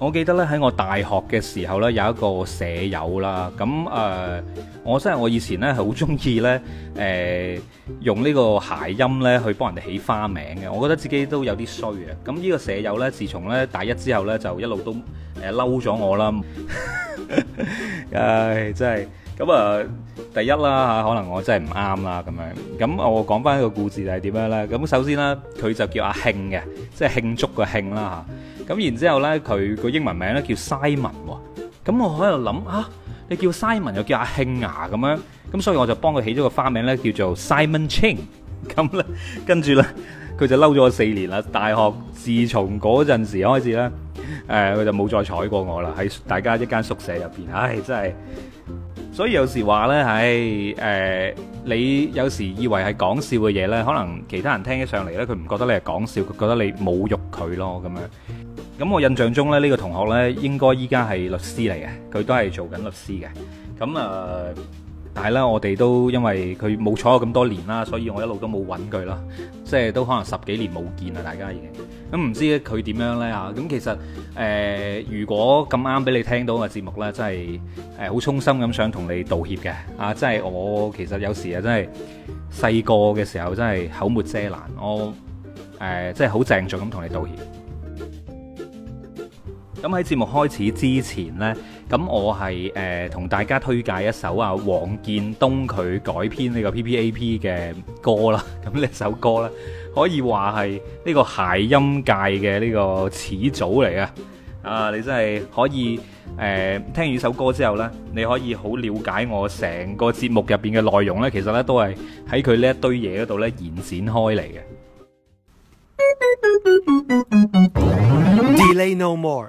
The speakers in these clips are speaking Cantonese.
我記得咧喺我大學嘅時候咧有一個舍友啦，咁誒，我真係我以前咧係好中意咧誒用呢個諧音咧去幫人哋起花名嘅，我覺得自己都有啲衰啊！咁呢個舍友咧，自從咧大一之後咧就一路都誒嬲咗我啦，唉，真係咁啊！第一啦嚇，可能我真係唔啱啦咁樣。咁我講翻個故事就係點樣咧？咁首先咧，佢就叫阿慶嘅，即係慶祝個慶啦嚇。咁然之後呢，佢個英文名呢叫 Simon 喎。咁我喺度諗啊，你叫 Simon 又叫阿慶牙、啊、咁樣，咁所以我就幫佢起咗個花名 Ching，呢，叫做 Simon Ching 咁呢，跟住呢，佢就嬲咗我四年啦。大學自從嗰陣時開始呢，佢、呃、就冇再睬過我啦。喺大家一間宿舍入邊，唉、哎、真係。所以有時話呢，喺、哎……誒、呃。你有時以為係講笑嘅嘢呢，可能其他人聽起上嚟呢，佢唔覺得你係講笑，佢覺得你侮辱佢咯咁樣。咁我印象中呢，呢個同學呢，應該依家係律師嚟嘅，佢都係做緊律師嘅。咁啊，但係咧我哋都因為佢冇坐咗咁多年啦，所以我一路都冇揾佢啦，即係都可能十幾年冇見啦，大家已經。咁唔知佢點樣呢？嚇、啊？咁其實、呃、如果咁啱俾你聽到個節目呢，真係好衷心咁想同你道歉嘅啊！即係我其實有時啊，真係細個嘅時候真係口沫遮難我、呃、真即係好鄭重咁同你道歉。咁喺節目開始之前呢。咁我係誒、呃、同大家推介一首啊黃建東佢改編呢個 PPAP 嘅歌啦，咁呢首歌呢，可以話係呢個諧音界嘅呢個始祖嚟啊！啊，你真係可以誒、呃、聽完首歌之後呢，你可以好了解我成個節目入邊嘅內容呢，其實呢，都係喺佢呢一堆嘢嗰度呢，延展開嚟嘅。Delay no more.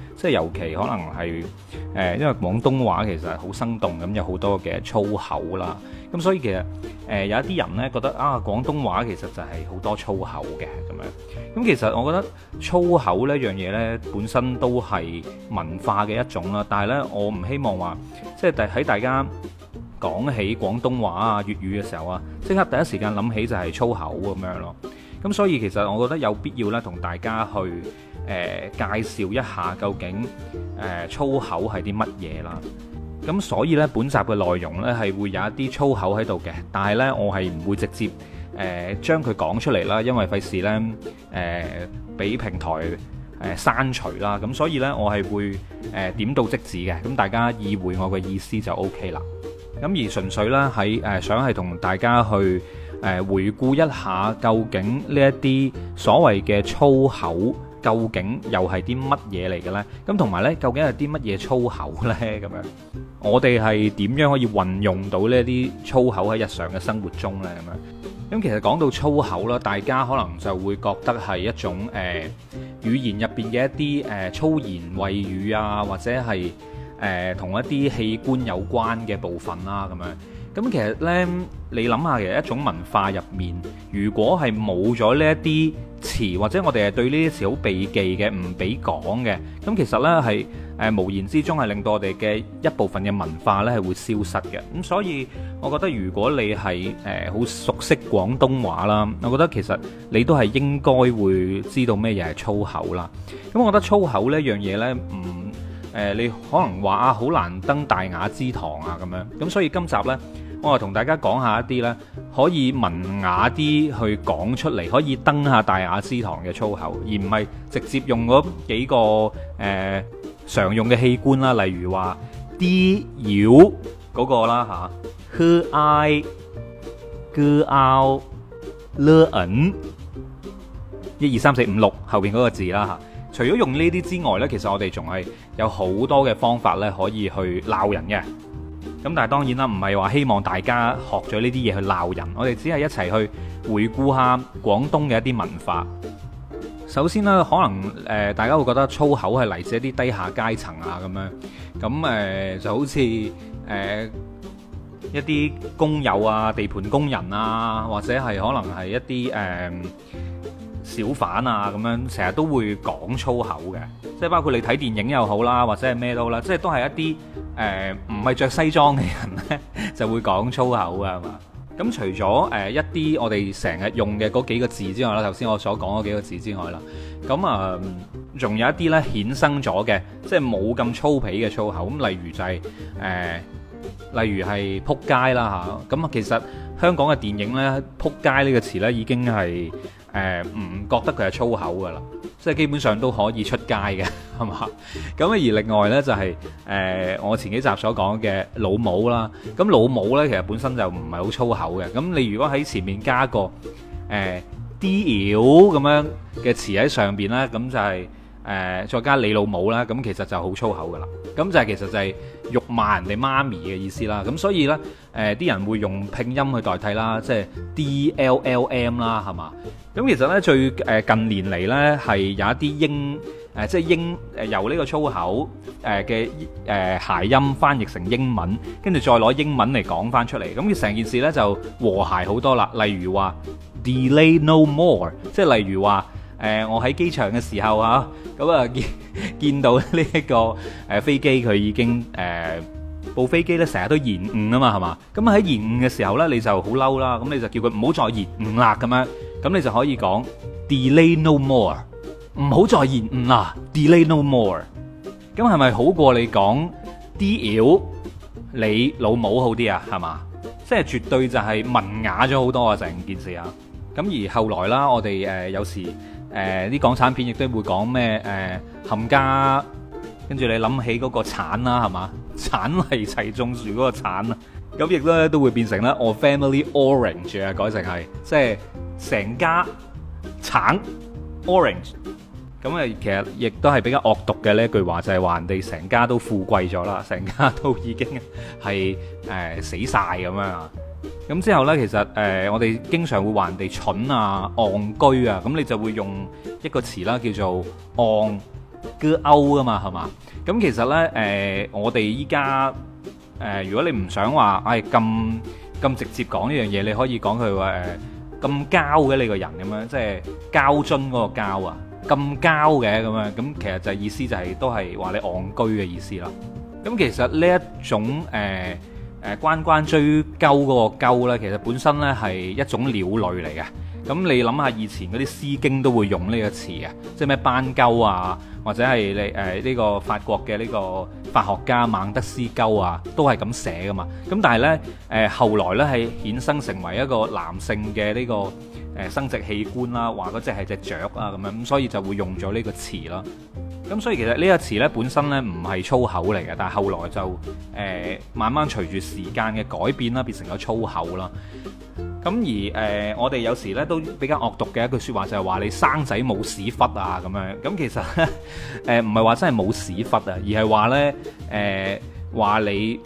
即係尤其可能係誒，因為廣東話其實好生動咁，有好多嘅粗口啦。咁所以其實誒有一啲人呢覺得啊，廣東話其實就係好多粗口嘅咁樣。咁其實我覺得粗口呢樣嘢呢，本身都係文化嘅一種啦。但係呢，我唔希望話即係第喺大家講起廣東話啊粵語嘅時候啊，即刻第一時間諗起就係粗口咁樣咯。咁所以其實我覺得有必要呢，同大家去，誒、呃、介紹一下究竟誒、呃、粗口係啲乜嘢啦？咁所以呢，本集嘅內容呢係會有一啲粗口喺度嘅，但係呢，我係唔會直接誒、呃、將佢講出嚟啦，因為費事呢誒俾平台誒刪、呃、除啦。咁所以呢，我係會誒、呃、點到即止嘅，咁大家意會我嘅意思就 OK 啦。咁而純粹咧喺誒想係同大家去誒、呃、回顧一下究竟呢一啲所謂嘅粗口。究竟又係啲乜嘢嚟嘅呢？咁同埋呢，究竟係啲乜嘢粗口呢？咁樣，我哋係點樣可以運用到呢一啲粗口喺日常嘅生活中呢？咁樣，咁其實講到粗口啦，大家可能就會覺得係一種誒語言入邊嘅一啲誒粗言穢語啊，或者係誒同一啲器官有關嘅部分啦，咁樣。咁其實呢，你諗下，其實一種文化入面，如果係冇咗呢一啲詞，或者我哋係對呢啲詞好避忌嘅，唔俾講嘅，咁其實呢係誒、呃、無言之中係令到我哋嘅一部分嘅文化呢係會消失嘅。咁所以，我覺得如果你係誒好熟悉廣東話啦，我覺得其實你都係應該會知道咩嘢係粗口啦。咁我覺得粗口呢樣嘢呢，唔、嗯、～呃、你可能話啊，好難登大雅之堂啊，咁樣咁，所以今集呢，我話同大家講一下一啲呢，可以文雅啲去講出嚟，可以登下大雅之堂嘅粗口，而唔係直接用嗰幾個、呃、常用嘅器官啦，例如話啲妖嗰個啦嚇，去嗌去拗 r n 一二三四五六後面嗰個字啦吓、啊，除咗用呢啲之外呢，其實我哋仲係。有好多嘅方法呢，可以去鬧人嘅。咁但係當然啦，唔係話希望大家學咗呢啲嘢去鬧人，我哋只係一齊去回顧下廣東嘅一啲文化。首先呢，可能誒、呃、大家會覺得粗口係嚟自一啲低下階層啊咁樣。咁誒、呃、就好似誒、呃、一啲工友啊、地盤工人啊，或者係可能係一啲誒。呃小販啊，咁樣成日都會講粗口嘅，即係包括你睇電影又好啦，或者係咩都啦，即係都係一啲誒唔係著西裝嘅人呢就會講粗口嘅，係嘛？咁除咗誒一啲我哋成日用嘅嗰幾個字之外啦，頭先我所講嗰幾個字之外啦，咁啊，仲有一啲呢衍生咗嘅，即係冇咁粗鄙嘅粗口，咁例如就係誒，例如係仆街啦嚇，咁啊其實香港嘅電影呢，仆街呢個詞呢已經係。誒唔、呃、覺得佢係粗口噶啦，即係基本上都可以出街嘅，係嘛？咁而另外呢，就係、是、誒、呃、我前幾集所講嘅老母啦。咁老母呢，其實本身就唔係好粗口嘅。咁你如果喺前面加個誒 d 妖咁樣嘅詞喺上面呢，咁就係、是、誒、呃、再加你老母啦。咁其實就好粗口噶啦。咁就是、其實就係、是。辱罵人哋媽咪嘅意思啦，咁所以呢，誒、呃、啲人會用拼音去代替啦，即係 D L L M 啦，係嘛？咁其實呢，最誒、呃、近年嚟呢，係有一啲英誒、呃，即係英、呃、由呢個粗口誒嘅誒諧音翻譯成英文，跟住再攞英文嚟講翻出嚟，咁成件事呢，就和諧好多啦。例如話 Delay No More，即係例如話。誒、呃，我喺機場嘅時候啊，咁啊見，見到呢、這、一個誒、呃、飛機，佢已經誒、呃、部飛機咧，成日都延誤啊嘛，係嘛？咁喺延誤嘅時候咧，你就好嬲啦，咁你就叫佢唔好再延誤啦，咁樣，咁你就可以講 delay no more，唔好再延誤啦，delay no more。咁係咪好過你講 dl 你老母好啲啊？係嘛？即係絕對就係文雅咗好多啊！成件事啊，咁而後來啦，我哋誒、呃、有時。誒啲、呃、港產片亦都會講咩？誒冚家，跟住你諗起嗰個橙啦，係嘛？橙係齊種樹嗰個橙啦，咁亦都都會變成啦 我 family orange 啊，改成係即係成家橙 orange，咁啊其實亦都係比較惡毒嘅呢句話，就係話人哋成家都富貴咗啦，成家都已經係、呃、死曬咁樣啊！咁之後呢，其實誒，我哋經常會話人哋蠢啊、戇居啊，咁你就會用一個詞啦，叫做戇居歐啊嘛，係嘛？咁其實呢，誒，我哋依家誒，如果你唔想話，誒咁咁直接講呢樣嘢，你可以講佢話誒咁膠嘅你個人咁樣，即係膠樽嗰個膠啊，咁膠嘅咁樣，咁其實就意思就係都係話你戇居嘅意思啦。咁其實呢一種誒。誒關關雎鳩嗰個鳩咧，其實本身呢係一種鳥類嚟嘅。咁你諗下以前嗰啲詩經都會用呢個詞啊，即係咩斑鳩啊，或者係你誒呢、呃呢個法國嘅呢個法學家孟德斯鳩啊，都係咁寫噶嘛。咁但係呢，誒、呃、後來呢係衍生成為一個男性嘅呢個誒生殖器官啦，話嗰隻係隻雀啊咁樣，咁所以就會用咗呢個詞啦。咁所以其實呢一個詞本身呢，唔係粗口嚟嘅，但係後來就誒、呃、慢慢隨住時間嘅改變啦，變成咗粗口啦。咁而誒、呃、我哋有時呢，都比較惡毒嘅一句説話就係、是、話你生仔冇屎忽啊咁樣。咁其實誒唔係話真係冇屎忽啊，而係話呢，誒、呃、話你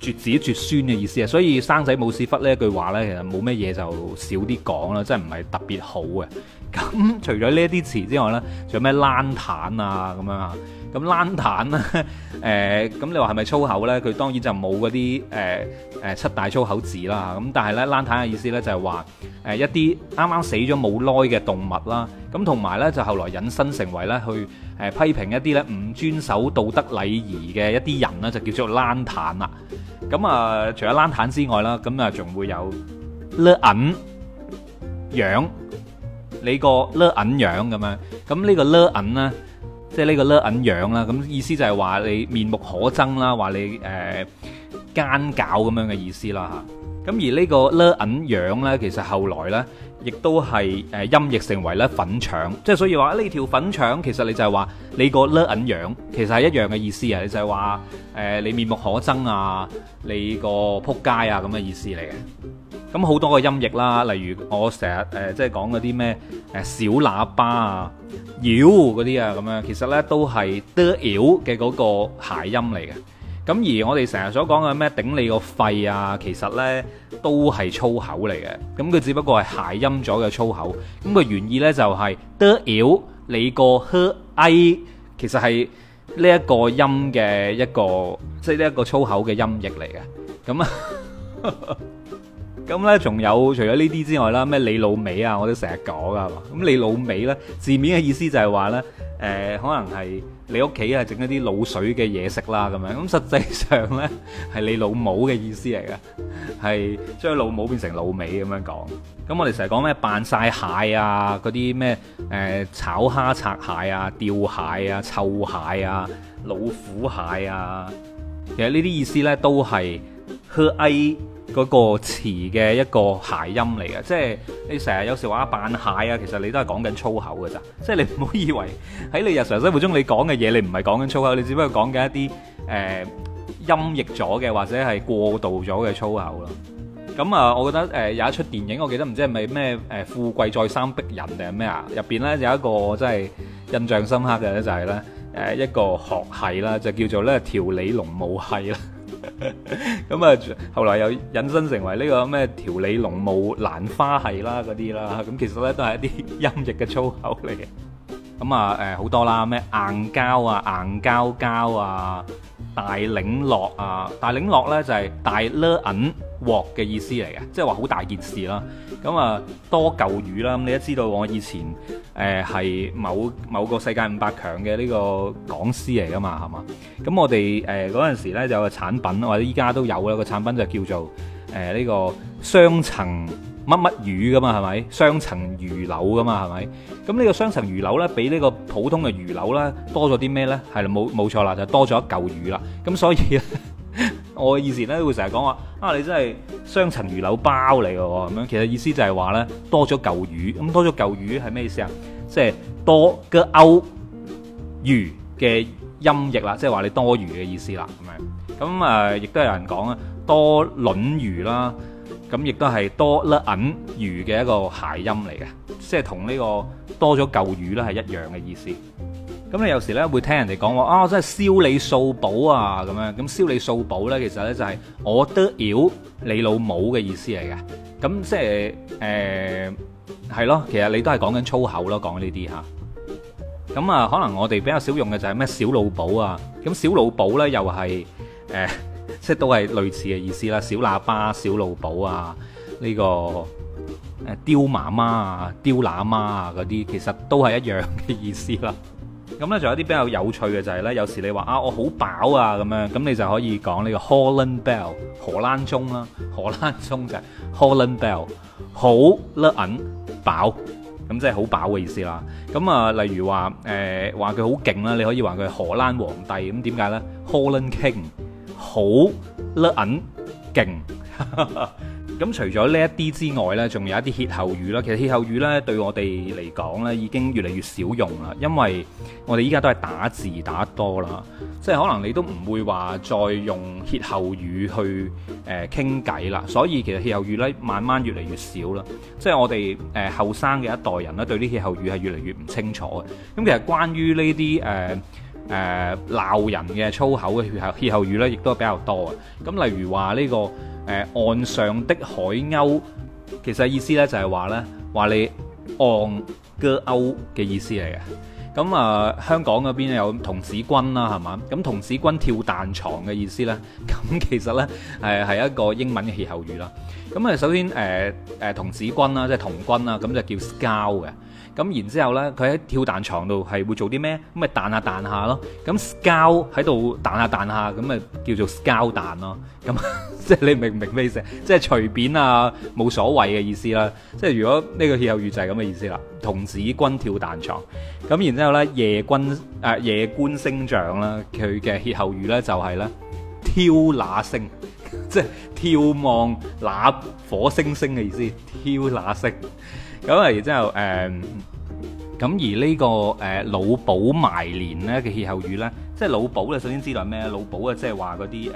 絕子絕孫嘅意思啊。所以生仔冇屎忽呢一句話呢，其實冇乜嘢就少啲講啦，真係唔係特別好嘅。咁 除咗呢一啲詞之外咧，仲有咩爛坦啊咁樣啊？咁爛坦咧，咁、 呃、你話係咪粗口咧？佢當然就冇嗰啲、呃、呃、七大粗口字啦。咁但係咧，爛坦嘅意思咧就係話、呃、一啲啱啱死咗冇耐嘅動物啦。咁同埋咧就後來引申成為咧去、呃、批評一啲咧唔遵守道德禮儀嘅一啲人咧，就叫做爛坦啦。咁啊，除咗爛坦之外啦，咁啊仲會有咧銀樣你個、這個勒銀，就是這個、勒銀樣咁樣，咁呢個勒銀咧，即係呢個勒銀樣啦，咁意思就係話你面目可憎啦，話你誒、呃、奸狡咁樣嘅意思啦嚇。咁而、這個、呢個勒銀樣咧，其實後來咧亦都係音譯成為咧粉腸，即係所以話呢條粉腸其實你就係話你個勒銀樣其實係一樣嘅意思啊，你就係話、呃、你面目可憎啊，你個撲街啊咁嘅意思嚟嘅。咁好多個音譯啦，例如我成日誒、即係講嗰啲咩、誒小喇叭啊、妖嗰啲啊咁樣，其實呢都係屌嘅嗰個諧音嚟嘅。咁而我哋成日所講嘅咩頂你個肺啊，其實呢都係粗口嚟嘅。咁佢只不過係諧音咗嘅粗口。咁個原意呢就係屌你個 hi，其實係呢一個音嘅一個即係呢一個粗口嘅音譯嚟嘅。咁啊～咁呢，仲有除咗呢啲之外啦，咩你老味啊，我都成日講噶。咁你老味呢，字面嘅意思就係話呢，可能係你屋企係整一啲鹵水嘅嘢食啦咁樣。咁實際上呢，係你老母嘅意思嚟嘅，係將老母變成老味咁樣講。咁我哋成日講咩扮晒蟹啊，嗰啲咩炒蝦拆蟹啊、吊蟹啊、臭蟹啊、老虎蟹啊，其實呢啲意思呢，都係乞嗰個詞嘅一個諧音嚟嘅，即係你成日有時話扮蟹啊，其實你都係講緊粗口嘅咋，即係你唔好以為喺你日常生活中你講嘅嘢，你唔係講緊粗口，你只不過講緊一啲呃音譯咗嘅或者係過度咗嘅粗口咯。咁啊，我覺得、呃、有一出電影，我記得唔知係咪咩《富貴再三逼人》定係咩啊？入邊呢有一個真係印象深刻嘅呢，就係、呃、呢一個學系啦，就叫做呢調理龍武係啦。咁啊、 嗯，後來又引申成為呢個咩調理農務蘭花系啦，嗰啲啦，咁其實咧都係一啲音譯嘅粗口嚟嘅。咁啊誒好多啦，咩硬膠啊、硬膠膠啊、大檸樂啊、大檸樂咧就係、是、大勒銀鑊嘅意思嚟嘅，即係話好大件事啦。咁啊多舊魚啦，咁你都知道我以前係、呃、某某個世界五百強嘅呢個講師嚟噶嘛，係嘛？咁我哋誒嗰陣時咧就有個產品，或者依家都有啦，個產品就叫做呢、呃呢個雙層。乜乜魚噶嘛，係咪？雙層魚柳噶嘛，係咪？咁呢個雙層魚柳咧，比呢個普通嘅魚柳咧多咗啲咩咧？係啦，冇冇錯啦，就多咗一嚿魚啦。咁所以，我以前咧會成日講話啊，你真係雙層魚柳包嚟嘅喎，咁樣其實意思就係話咧多咗嚿魚，咁多咗嚿魚係咩意思啊？即係多嘅歐魚嘅音譯啦，即係話你多餘嘅意思啦，咁樣。咁啊，亦都有人講啊，多卵魚啦。咁亦都係多甩銀魚嘅一個諧音嚟嘅，即係同呢個多咗嚿魚咧係一樣嘅意思。咁你有時咧會聽人哋講話啊，真係燒你數寶啊咁樣。咁燒你數寶咧，其實咧就係我得妖你老母嘅意思嚟嘅。咁即係誒係咯，其實你都係講緊粗口咯，講呢啲吓。咁啊，可能我哋比較少用嘅就係咩小老寶啊。咁小老寶咧又係誒。即都係類似嘅意思啦，小喇叭、小老寶啊，呢、這個誒雕媽媽啊、雕喇媽啊嗰啲，其實都係一樣嘅意思啦。咁咧仲有啲比較有趣嘅就係、是、咧，有時你話啊，我好飽啊咁樣，咁你就可以講呢個 Holland Bell 荷蘭鐘啦、啊，荷蘭鐘就係 Holland Bell 好粒銀飽，咁即係好飽嘅意思啦。咁啊，例如話誒話佢好勁啦，你可以話佢係荷蘭皇帝，咁點解咧？Holland King。好甩銀勁，咁 除咗呢一啲之外呢，仲有一啲歇後語啦。其實歇後語呢，對我哋嚟講呢，已經越嚟越少用啦，因為我哋依家都係打字打多啦，即係可能你都唔會話再用歇後語去誒傾偈啦。所以其實歇後語呢，慢慢越嚟越少啦，即係我哋誒後生嘅一代人呢，對啲歇後語係越嚟越唔清楚嘅。咁、嗯、其實關於呢啲誒鬧、呃、人嘅粗口嘅歇後歇後語咧，亦都比較多嘅。咁例如話呢、這個誒、呃、岸上的海鷗，其實意思咧就係話咧話你岸嘅鷗嘅意思嚟嘅。咁啊、呃，香港嗰邊有童子軍啦，係嘛？咁童子軍跳彈床嘅意思咧，咁其實咧係、呃、一個英文嘅歇後語啦。咁啊，首先誒誒、呃、童子軍啦，即係童軍啦，咁就叫 scout 嘅。咁然之後咧，佢喺跳彈床度係會做啲咩？咁咪彈下彈下咯。咁膠喺度彈下彈下，咁咪叫做膠彈咯。咁即係你明唔明咩意思？即係隨便啊，冇所謂嘅意思啦。即係如果呢個歇後語就係咁嘅意思啦。童子軍跳彈床。咁然之後咧，夜軍誒、呃、夜觀星象啦，佢嘅歇後語咧就係咧挑那星，即係眺望那火星星嘅意思。挑那星。咁係之後咁、嗯、而呢、呢個、呃、老寶埋年咧嘅歇後語咧，即係老寶咧首先知道係咩？老寶啊，即係話嗰啲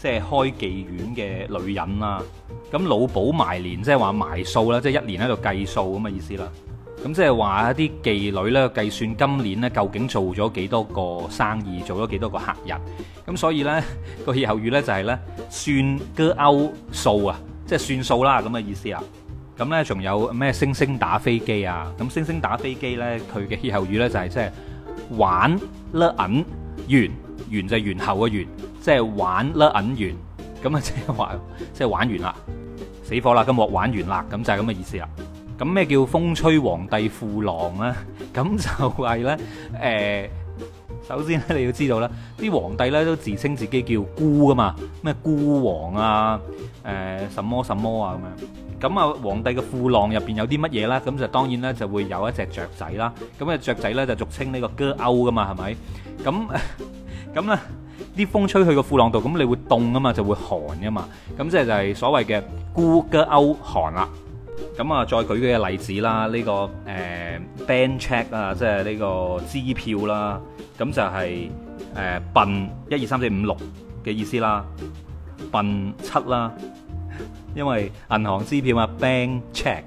即係開妓院嘅女人啦。咁、啊、老寶埋年即係話埋數啦，即、就、係、係、一年喺度計數咁嘅意思啦。咁即係話一啲妓女咧計算今年咧究竟做咗幾多個生意，做咗幾多個客人。咁所以咧、呢個歇後語咧就係咧算嘅勾數啊，即係算數啦咁嘅意思啊。咁咧仲有咩星星打飛機啊？咁星星打飛機咧，佢嘅歇後語咧就係即係玩甩銀完，完就係完後嘅完，即係玩甩銀完，咁啊即係話即係玩完啦，死火啦，今日玩完啦，咁就係咁嘅意思啦。咁咩叫風吹皇帝富郎呢？咁就係咧，誒，首先咧你要知道啦，啲皇帝咧都自稱自己叫孤噶嘛，咩孤王啊，誒什,什麼什麼啊咁樣。咁啊，皇帝嘅褲浪入邊有啲乜嘢呢？咁就當然咧就會有一隻雀仔啦。咁嘅雀仔咧就俗稱呢個鳩㗎嘛，係咪？咁咁咧啲風吹去個褲浪度，咁你會凍啊嘛，就會寒啊嘛。咁即係就係所謂嘅孤鳩寒啦。咁啊，再舉嘅例子啦，呢、這個誒 bank cheque 啊，呃、check，即係呢個支票啦。咁就係誒笨一二三四五六嘅意思啦，笨七啦。因為銀行支票啊 bank check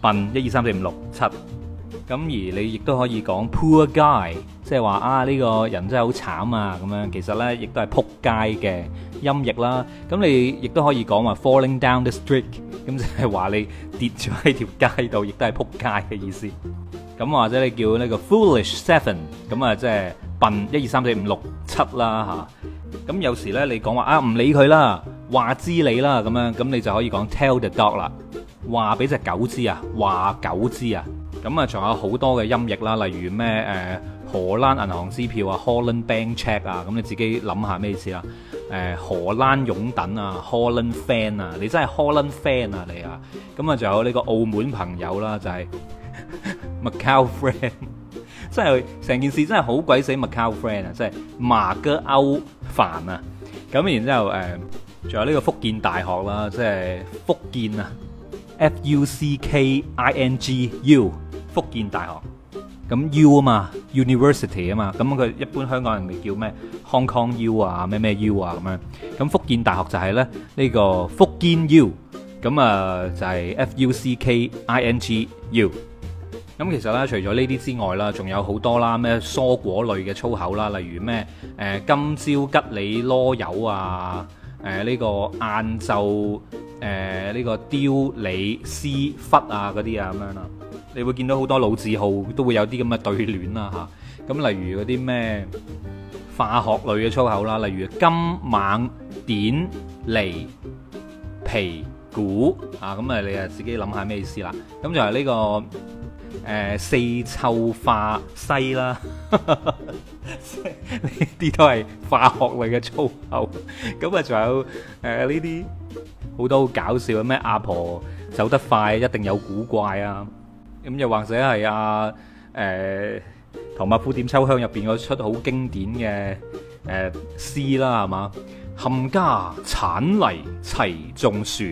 笨一二三四五六七，咁而你亦都可以講 poor guy，即係話啊呢個人真係好慘啊咁樣，其實呢，亦都係撲街嘅音譯啦。咁你亦都可以講話 falling down the street，咁即係話你跌咗喺條街度，亦都係撲街嘅意思。咁或者你叫呢個 foolish seven，咁啊即係笨一二三四五六七啦嚇。咁有時呢，你講話啊唔理佢啦。話知你啦，咁樣咁你就可以講 tell the dog 啦，話俾隻狗知啊，話狗知啊。咁啊，仲有好多嘅音譯啦，例如咩、呃、荷蘭銀行支票啊，Holland Bank Check 啊，咁你自己諗下咩意思啦、呃？荷蘭擁躉啊，Holland Fan 啊，你真係 Holland Fan 啊，你啊。咁啊，仲有呢個澳門朋友啦，就係、是、 Macau Friend，真係成件事真係好鬼死 Macau Friend 啊，即係馬哥歐飯啊。咁然之後呃仲有呢個福建大學啦，即係福建啊，F U C K I N G U，福建大學。咁 U 啊嘛，University 啊嘛，咁佢一般香港人咪叫咩？Hong Kong U 啊，咩咩 U 啊咁樣。咁福建大學就係咧呢個福建 U，咁啊就係 F U C K I N G U。咁其實咧，除咗呢啲之外啦，仲有好多啦，咩蔬果類嘅粗口啦，例如咩誒金蕉、吉梨、蘿柚啊。誒呢、呃這個晏晝誒呢個雕李絲忽啊嗰啲啊咁樣啦，你會見到好多老字號都會有啲咁嘅對聯啦嚇，咁、啊、例、啊、如嗰啲咩化學類嘅粗口啦，例、啊、如金猛典離皮股啊，咁啊你啊自己諗下咩意思啦，咁就係呢個誒、呃、四臭化西啦。 呢啲 都係化學類嘅粗口 還，咁啊仲有誒呢啲好多好搞笑嘅咩？阿婆走得快一定有古怪啊！咁又或者係阿誒《唐伯虎點秋香》入邊嗰出好經典嘅誒、呃、詩啦，係嘛？冚家鏟泥齊種樹，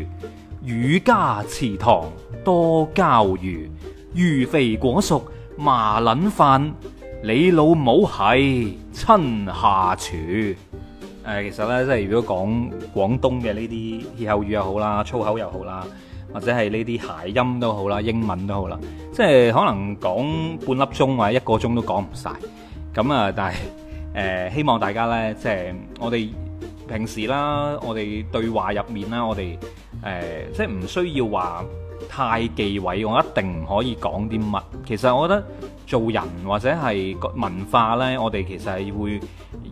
儒家祠堂多膠魚，魚肥果熟麻撚飯，你老母係親下廚，誒、呃、其實咧，即係如果講廣東嘅呢啲歇後語又好啦，粗口又好啦，或者係呢啲諧音都好啦，英文都好啦，即係可能講半粒鐘或者一個鐘都講唔晒。咁啊，但係誒、呃、希望大家呢，即係我哋平時啦，我哋對話入面啦，我哋誒、呃、即係唔需要話太忌諱，我一定唔可以講啲乜。其實我覺得，做人或者係個文化呢，我哋其實係會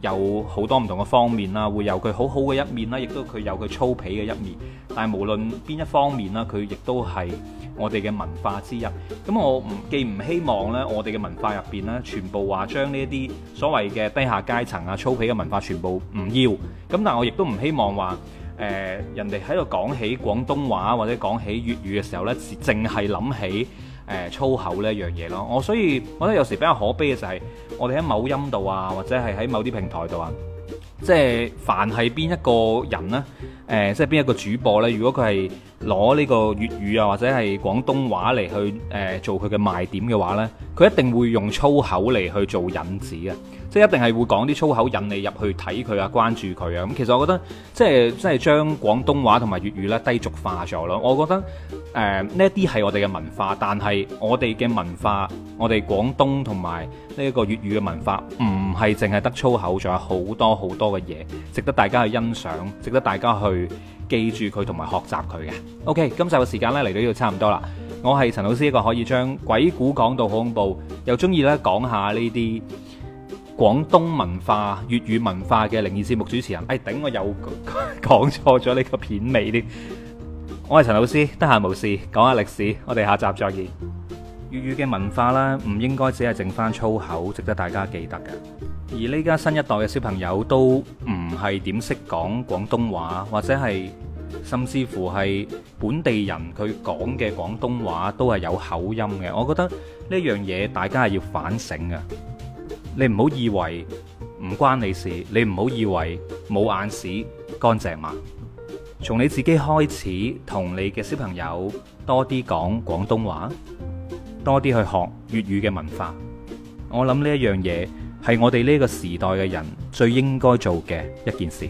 有好多唔同嘅方面啦，會有佢好好嘅一面啦，亦都佢有佢粗鄙嘅一面。但係無論邊一方面啦，佢亦都係我哋嘅文化之一。咁我唔既唔希望呢，我哋嘅文化入邊呢，全部話將呢一啲所謂嘅低下階層啊、粗鄙嘅文化全部唔要。咁但係我亦都唔希望話、呃、人哋喺度講起廣東話或者講起粵語嘅時候呢，淨係諗起。誒、呃、粗口呢一樣嘢咯，我所以我覺得有時比較可悲嘅就係我哋喺某音度啊，或者係喺某啲平台度啊，即係凡係邊一個人呢、呃，即係邊一個主播呢，如果佢係攞呢個粵語啊或者係廣東話嚟去、呃、做佢嘅賣點嘅話呢，佢一定會用粗口嚟去做引子啊！即一定係會講啲粗口引你入去睇佢啊，關注佢啊。咁其實我覺得，即係即係將廣東話同埋粵語咧低俗化咗咯。我覺得誒呢啲係我哋嘅文化，但係我哋嘅文化，我哋廣東同埋呢一個粵語嘅文化，唔係淨係得粗口，仲有好多好多嘅嘢值得大家去欣賞，值得大家去記住佢同埋學習佢嘅。OK，今集嘅時間咧嚟到呢度差唔多啦。我係陳老 C，一個可以將鬼故講到好恐怖，又中意咧講下呢啲。廣東文化、粵語文化嘅靈異節目主持人，哎，頂！我又講錯咗呢個片尾啲。我係陳老師，得閒無事講下歷史。我哋下集再見。粵語嘅文化啦，唔應該只係剩翻粗口，值得大家記得嘅。而呢家新一代嘅小朋友都唔係點識講廣東話，或者係甚至乎係本地人佢講嘅廣東話都係有口音嘅。我覺得呢樣嘢大家係要反省嘅。你唔好以為唔關你事，你唔好以為冇眼屎乾淨嘛。從你自己開始，同你嘅小朋友多啲講廣東話，多啲去學粵語嘅文化。我諗呢一樣嘢係我哋呢個時代嘅人最應該做嘅一件事。